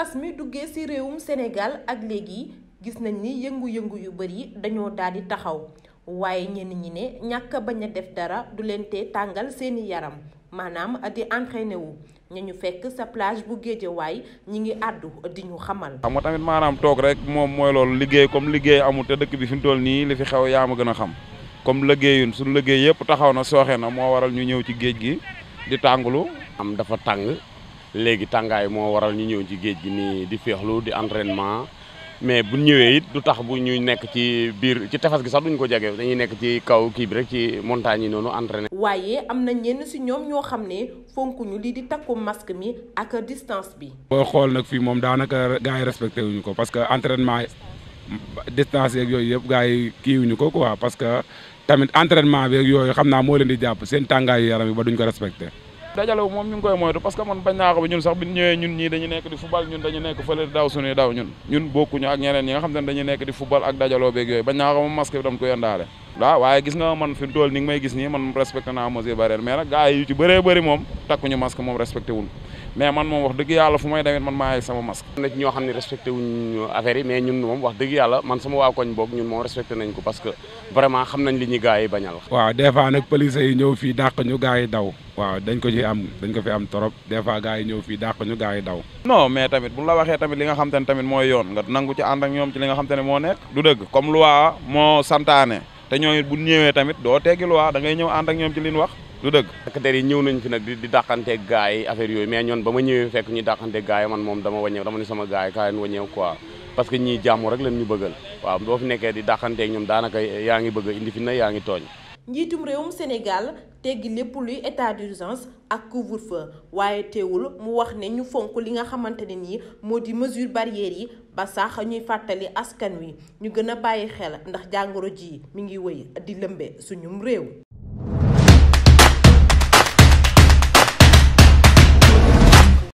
mbas mi duggee ci réewum Sénégal ak léegi gis nañ ni yëngu-yëngu yu bari dañoo daal di taxaw waaye ñenn ñi ne ñàkk a bañ a def dara du leen tee tàngal seeni yaram maanaam di entraîné wu ñu ñu fekk sa plage bu Géejawaay ñi ngi àddu di ñu xamal. xam nga tamit maanaam toog rek moom mooy lool liggéey comme liggéey amul te dëkk bi fi mu toll nii li fi xew yaa ma gën a xam comme liggéeyun suñu liggéey yëpp taxaw na sooxee na moo waral ñu ñëw ci géej gi di tàngulu am dafa tàng. léegi tàngaay moo waral ñu ñëw ci géej gi nii di féexlu di entraînement mais bu ñëwee it du tax bu ñu nekk ci biir ci tefas gi sax duñ ko jege dañuy nekk ci kaw kii bi rek ci montagne yi noonu entraîné. waaye am na ñenn si ñoom ñoo xam ne fonkuñu lii di takku masque mi ak distance bi. boo xool nag fii moom daanaka gars yi respecté wuñu ko parce que entraînement distance yeeg yooyu yëpp gars yi kii ko quoi parce que tamit entraînement bi ak yooyu xam naa moo leen di jàpp seen tàngaayu yaram yi ba duñ ko respecté. dajale moom ñu ngi koy moytu parce que man bañ naa ko ba ñun sax bi ñëwee ñun ñii dañu nekk di football ñun dañu nekk fële daw suñuy daw ñun ñun bokkuñu ak ñeneen ñi nga xam te ne nekk di football ak dajaloo beeg yooyu bañ naa ko koy andaale waaw waaye gis nga man fi mu toll ni nga may gis nii man respecté naa mesure barrière mais nag gars bëree bëri moom takkuñu masque moom respecté wul mais man moom wax dëgg yàlla fu may demee man maay sama masque. na ci ñoo xam ne respecté wuñ affaire yi mais ñun moom wax dëgg yàlla man sama waa koñ boog ñun moom respecté nañ ko parce que vraiment xam nañ li ñu gars bañal. waaw des nag police ñëw fii dàq ñu gars daw. waaw dañ ko ci am dañ ko fi am trop des fois gars yi ñëw fii dàq ñu gars yi daw. non mais tamit bu la waxee tamit li nga xam te ne tamit moo yoon nga nangu ci ànd ak ñoom ci li nga xam moo nekk. du dëgg comme loi moo santaane te ñooñu tamit doo teggi loi da ngay ñëw ànd ñoom ci li wax du dëkk takk yi ñëw nañ fi nag di di dàqante gars yi affaire yooyu mais ñoon ba ma ñëwee fekk ñu dàqante gars yi man moom dama waññeew dama ne sama gars yi kaa leen waññeew ko parce que ñii jàmm rek lañ ñu bëggal waaw boo fi nekkee di dàqanteeg ñoom daanaka yaa ngi bëgg indi fi na yaa ngi tooñ njiitum réewum Sénégal gi lépp luy état d'urgence ak couvre-feu waaye teewul mu wax ne ñu fonk li nga xamante ne nii moo di mesure barrière yi ba sax ñuy fàttali askan wi ñu gën a bàyyi xel ndax jàngoro ji mi ngi wéy di lëmbe suñum réew